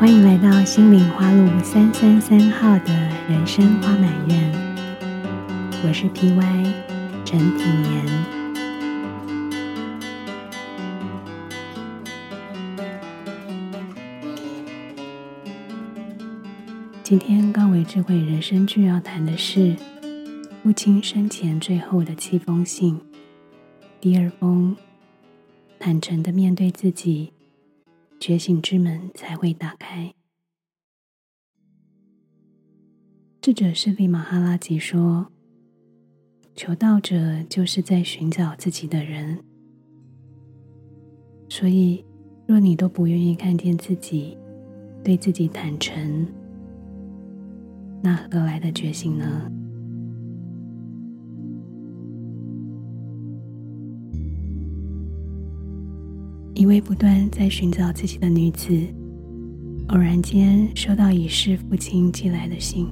歡迎來到心靈花路三三三號的人生花滿院，我是 P.Y. 陳品妍。今天高維智慧人生劇要談的是父親生前最後的七封信，第二封，坦誠的面對自己。覺醒之門才會打開。智者是利馬哈拉吉說：“求道者就是在尋找自己的人，所以若你都不願意看見自己，對自己坦誠，那何來的覺醒呢？”一位不斷在尋找自己的女子，偶然間收到已逝父親寄來的信。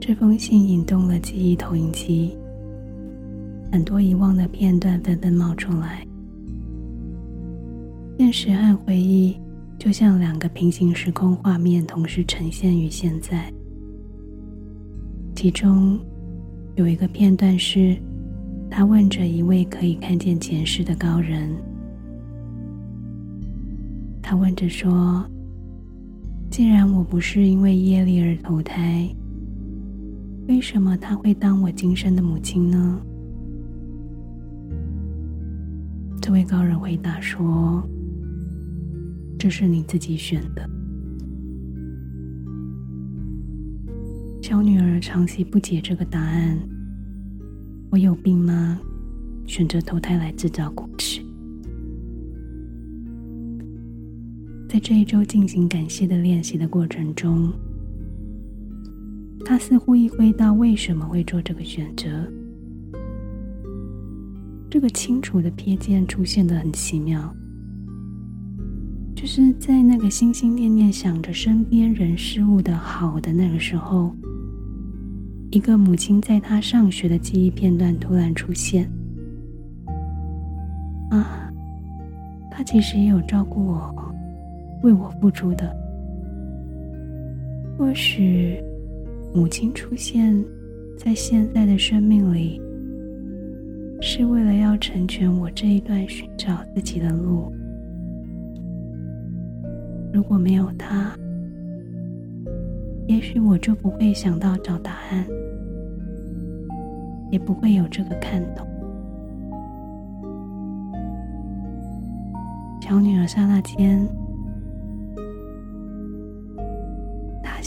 這封信引動了記憶投影機，很多遺忘的片段紛紛冒，冒出來。現實和回憶就像兩個平行時空畫面，同時呈現於現在。其中有一個片段是，她問着一位可以看見前世的高人。他問着說：“既然我不是因為業力而投胎，為什麼她會當我今生的母親呢？”這位高人回答說：“這是你自己選的。”小女兒長期不解這個答案：“我有病嗎？選擇投胎來制造故事。”在這一周進行感謝的練習的過程中，他似乎意會到為什麼會做這個選擇。這個清楚的瞥見出現得很奇妙，就是在那個心心念念想着身邊人事物的好的那個時候，一個母親在他上學的記憶片段突然出現。啊，他其實也有照顧我。為我付出的，或許母親出現在現在的生命裡，是為了要成全我這一段尋找自己的路。如果沒有他，也許我就不會想到找答案，也不會有這個看懂。 小女兒剎那間。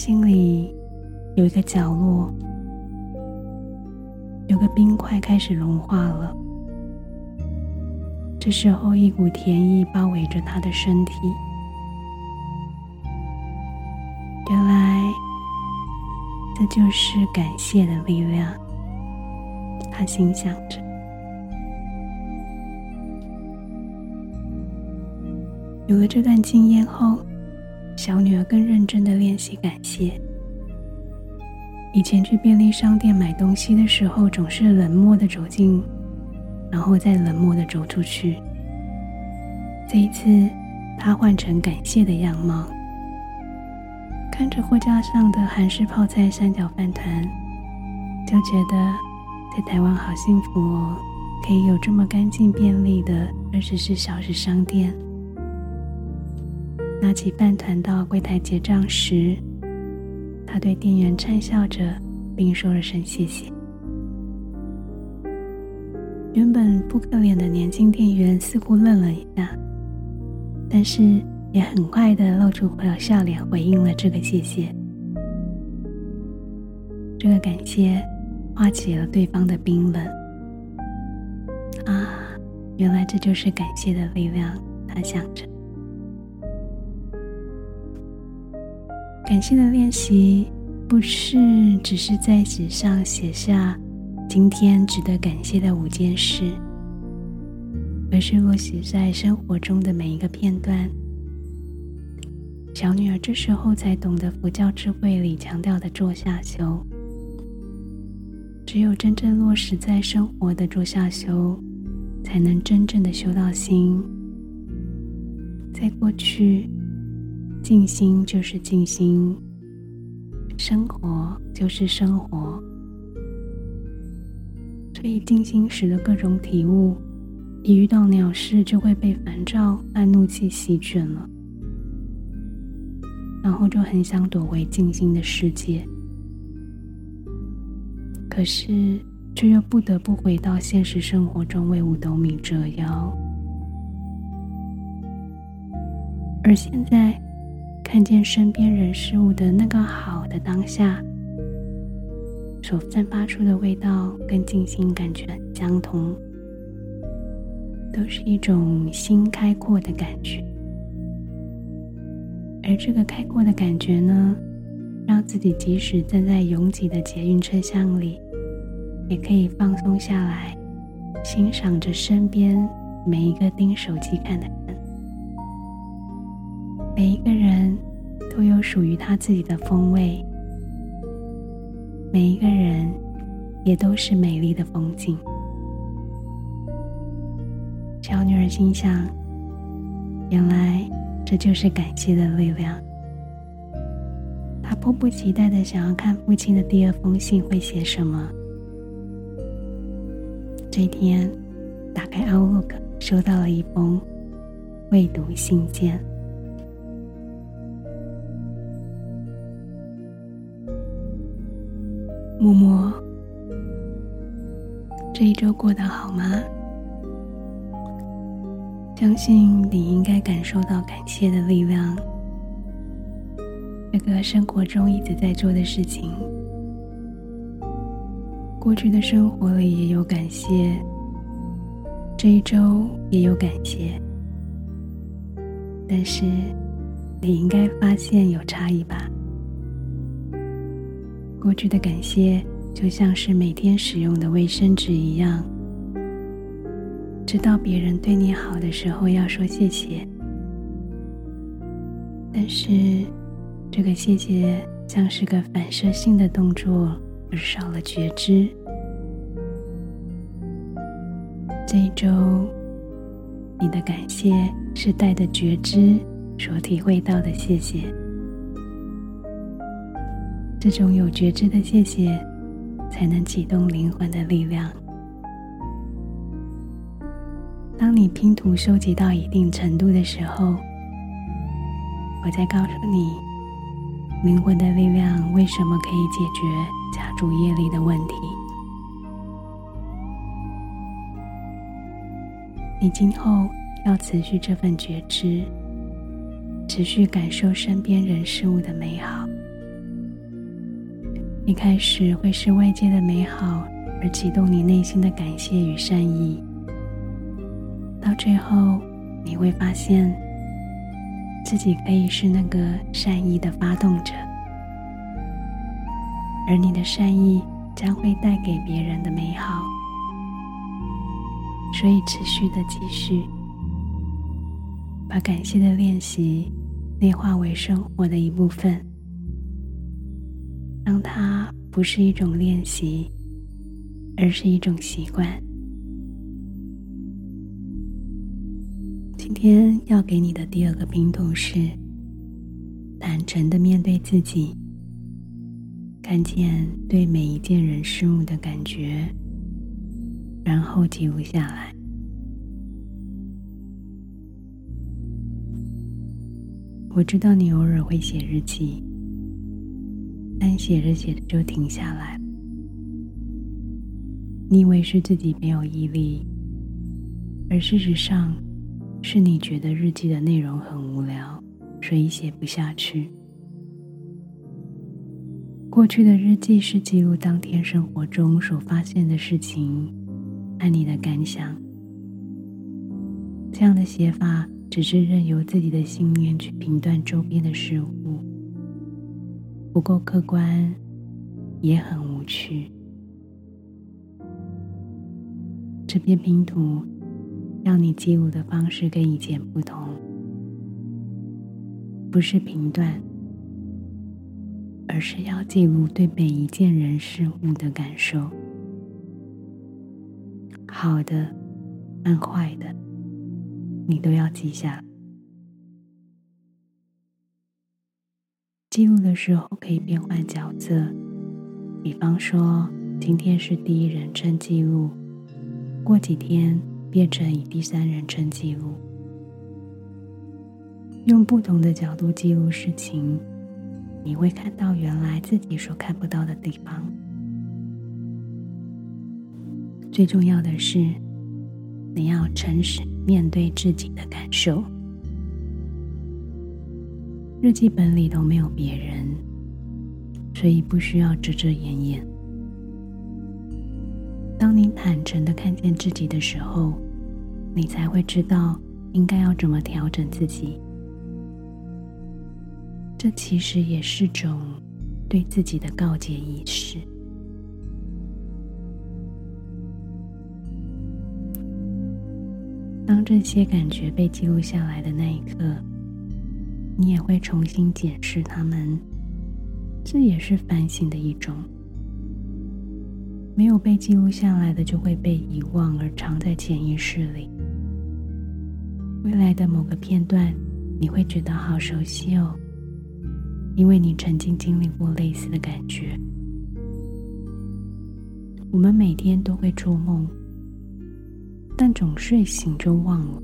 心裡有一個角落，有個冰塊開始融化了。這時候，一股甜意包圍着他的身體。原來，這就是感謝的力量。他心想着。有了這段經驗後，小女兒更認真的練習感謝。以前去便利商店買東西的時候，總是冷漠的走進，然後再冷漠的走出去。這一次，她換成感謝的樣貌，看着貨架上的韓式泡菜三角飯糰，就覺得在台灣好幸福哦，可以有這麼乾淨便利的二十四小時商店。拿起飯糰到櫃檯結賬時，他對店員訕笑着，並說了聲謝謝。原本撲克臉的年輕店員似乎愣了一下，但是也很快的露出朋友笑臉回應了這個謝謝。這個感謝化解了對方的冰冷。啊，原來這就是感謝的力量，他想着。感謝的練習不是只是在紙上寫下今天值得感謝的五件事，而是落實在生活中的每一個片段。小女兒這時候才懂得佛教智慧裡強調的坐下修，只有真正落實在生活的坐下修，才能真正的修到心。在過去。靜心就是靜心，生活就是生活，所以靜心時的各種體悟，一遇到鳥事，就會被煩躁、和怒氣席捲了，然後就很想躲回靜心的世界，可是卻又不得不回到現實生活中為五斗米折腰，而現在。看見身邊人事物的那個好的當下，所散發出的味道跟靜心感覺很相同，都是一種心開闊的感覺。而這個開闊的感覺呢，讓自己即使站在擁擠的捷運車廂裡，也可以放鬆下來，欣賞着身邊每一個盯手機看的。每一個人，都有屬於他自己的風味。每一個人，也都是美麗的風景。小女兒心想：“原來這就是感謝的力量。”她迫不及待的想要看父親的第二封信會寫什麼。這天，打開 Outlook，收到了一封未讀信件。默默，這一周過得好嗎？相信你應該感受到感謝的力量，這個生活中一直在做的事情。過去的生活裡也有感謝，這一周也有感謝，但是你應該發現有差異吧。過去的感謝就像是每天使用的衛生紙一樣，知道別人對你好的時候要說謝謝，但是這個謝謝像是個反射性的動作，而少了覺知。這一周，你的感謝是帶着覺知所體會到的謝謝。這種有覺知的謝謝，才能啟動靈魂的力量。當你拼圖收集到一定程度的時候，我再告訴你，靈魂的力量為什麼可以解決家族業力的問題。你今後要持續這份覺知，持續感受身邊人事物的美好。一開始會是外界的美好而啟動你內心的感謝與善意，到最後你會發現自己可以是那個善意的發動者，而你的善意將會帶給別人的美好，所以持續的繼續把感謝的練習內化為生活的一部分。讓它不是一種練習，而是一種習慣。今天要給你的第二個拼圖是：坦誠的面對自己，看見對每一件人事物的感覺，然後記錄下來。我知道你偶爾會寫日記。但寫着寫着就停下來，你以為是自己沒有毅力，而事實上是你覺得日記的內容很無聊，所以寫不下去。過去的日記是記錄當天生活中所發現的事情和你的感想，這樣的寫法只是任由自己的信念去評斷周邊的事物。不夠客觀，也很無趣。這篇拼圖讓你記錄的方式跟以前不同，不是評斷，而是要記錄對每一件人事物的感受，好的、和壞的，你都要記下。記錄的時候可以變換角色，比方說今天是第一人稱記錄，過幾天變成以第三人稱記錄。用不同的角度記錄事情，你會看到原來自己所看不到的地方。最重要的是，你要誠實面對自己的感受。日記本裡都沒有別人，所以不需要遮遮掩掩。當你坦誠的看見自己的時候，你才會知道應該要怎麼調整自己。這其實也是種對自己的告解儀式。當這些感覺被記錄下來的那一刻。你也會重新檢視他們，這也是反省的一種。沒有被記錄下來的就會被遺忘而藏在潛意識裡。未來的某個片段，你會覺得好熟悉哦，因為你曾經經歷過類似的感覺。我們每天都會做夢，但總睡醒就忘了。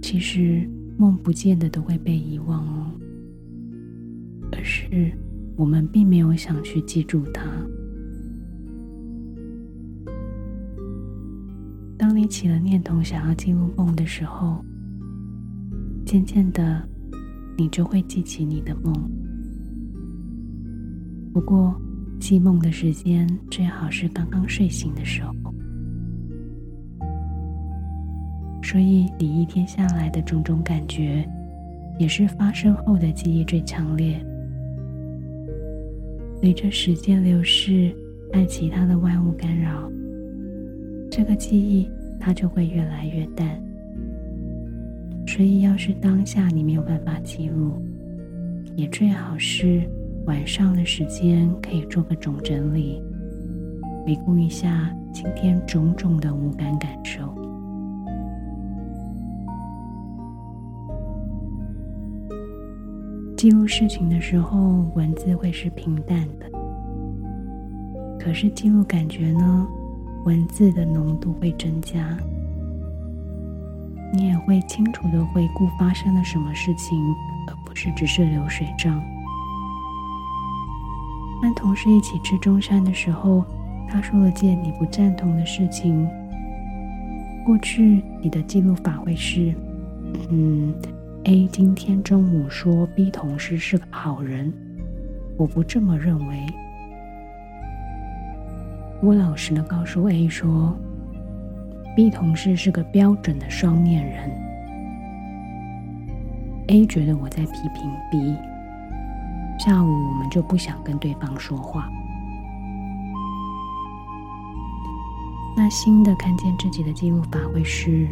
其實。夢不見得都會被遺忘哦，可是我們並沒有想去記住它。當你起了念頭想要進入夢的時候，漸漸的你就會記起你的夢。不過，記夢的時間最好是剛剛睡醒的時候。所以，你一天下來的種種感覺，也是發生後的記憶最強烈。隨着時間流逝，被其他的外物干擾，這個記憶它就會越來越淡。所以，要是當下你沒有辦法記錄，也最好是晚上的時間可以做個總整理，回顧一下今天種種的五感感受。記錄事情的時候，文字會是平淡的；可是記錄感覺呢，文字的濃度會增加。你也會清楚的回顧發生了什麼事情，而不是只是流水賬。跟同事一起吃中餐的時候，他說了件你不贊同的事情。過去你的記錄法會是，嗯。A 今天中午說 B 同事是個好人，我不這麼認為。我老實的告訴 A 說，B 同事是個標準的雙面人。A 覺得我在批評 B，下午我們就不想跟對方說話。那新的看見自己的記錄法會是？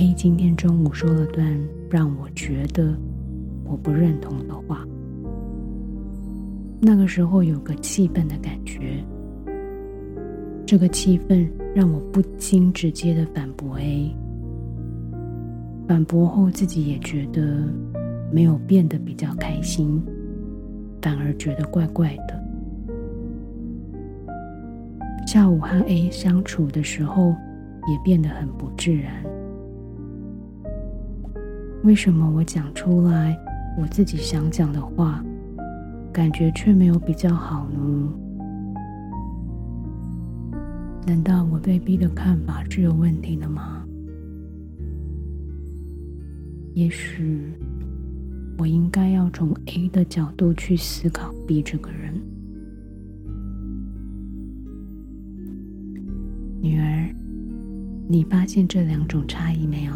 A 今天中午說了段讓我覺得我不認同的話。那個時候有個氣憤的感覺，這個氣憤讓我不禁直接的反駁 A。反駁後自己也覺得沒有變得比較開心，反而覺得怪怪的。下午和 A 相處的時候也變得很不自然。為什麼我講出來我自己想講的話，感覺卻沒有比較好呢？難道我對 B 的看法是有問題的嗎？也許我應該要從 A 的角度去思考 B 這個人。女兒，你發現這兩種差異沒有？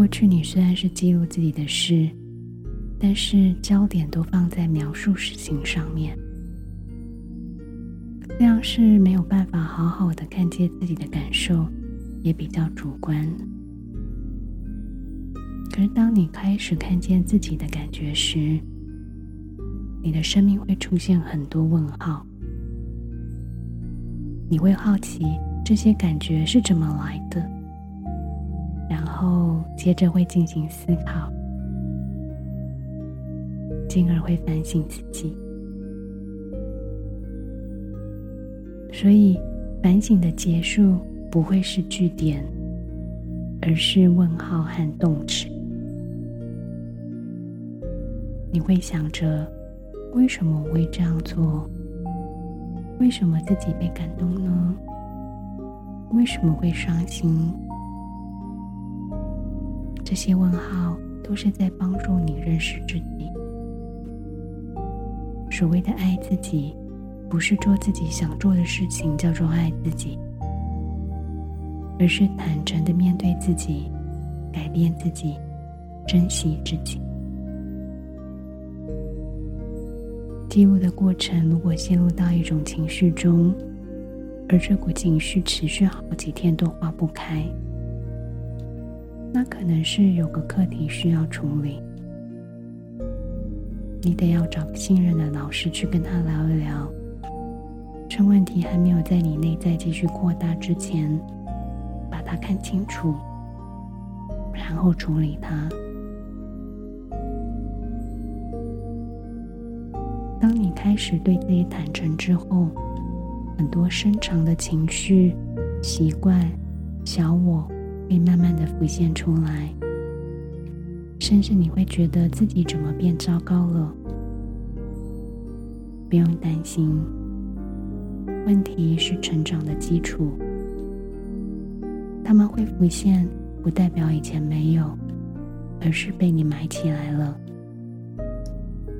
過去你雖然是記錄自己的事，但是焦點都放在描述事情上面，這樣是沒有辦法好好的看見自己的感受，也比較主觀。可是當你開始看見自己的感覺時，你的生命會出現很多問號，你會好奇這些感覺是怎麼來的。然後，接着會進行思考，進而會反省自己。所以，反省的結束不會是句點，而是問號和動詞。你會想着：為什麼我會這樣做？為什麼自己被感動呢？為什麼會傷心？這些問號都是在幫助你認識自己。所謂的愛自己，不是做自己想做的事情叫做愛自己，而是坦誠的面對自己，改變自己，珍惜自己。記錄的過程，如果陷入到一種情緒中，而這股情緒持續好幾天都化不開。那可能是有個課題需要處理，你得要找個信任的老師去跟他聊一聊，趁問題還沒有在你內在繼續擴大之前，把它看清楚，然後處理它。當你開始對自己坦誠之後，很多深長的情緒、習慣、小我。會慢慢的浮現出來，甚至你會覺得自己怎麼變糟糕了？不用擔心，問題是成長的基礎。他們會浮現，不代表以前沒有，而是被你埋起來了。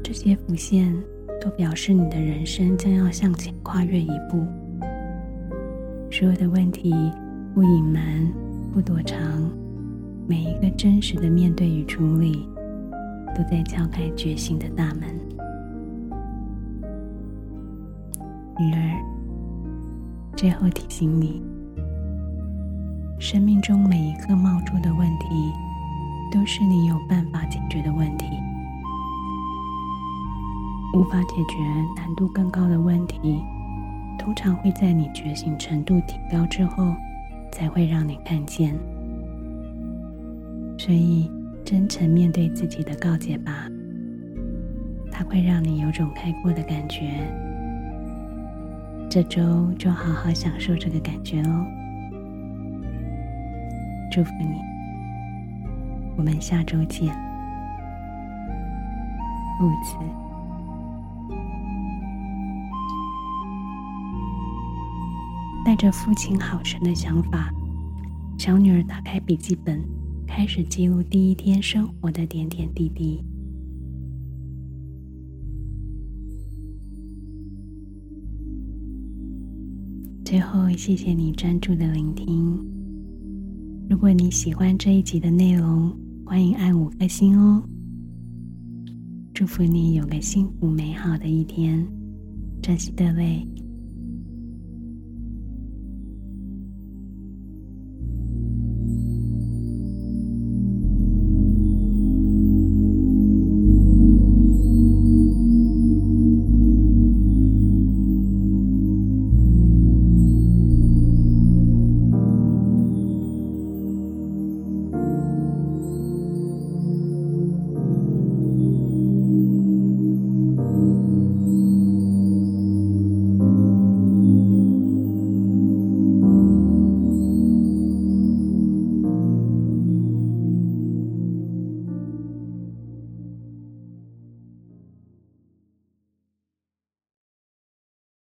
這些浮現，都表示你的人生將要向前跨越一步。所有的問題，不隱瞞。不躲藏，每一個真實的面對與處理，都在敲開覺醒的大門。女兒，最後提醒你：生命中每一個冒出的問題，都是你有辦法解決的問題。無法解決難度更高的問題，通常會在你覺醒程度提高之後。才會讓你看見，所以真誠面對自己的告解吧，它會讓你有種開闊的感覺。這週就好好享受這個感覺哦，祝福你，我們下週見，木子。帶着父親好生的想法，小女兒打開筆記本，開始記錄第一天生活的點點滴滴。最後，謝謝你專注的聆聽。如果你喜歡這一集的內容，歡迎按五顆星哦。祝福你有個幸福美好的一天。這裡是對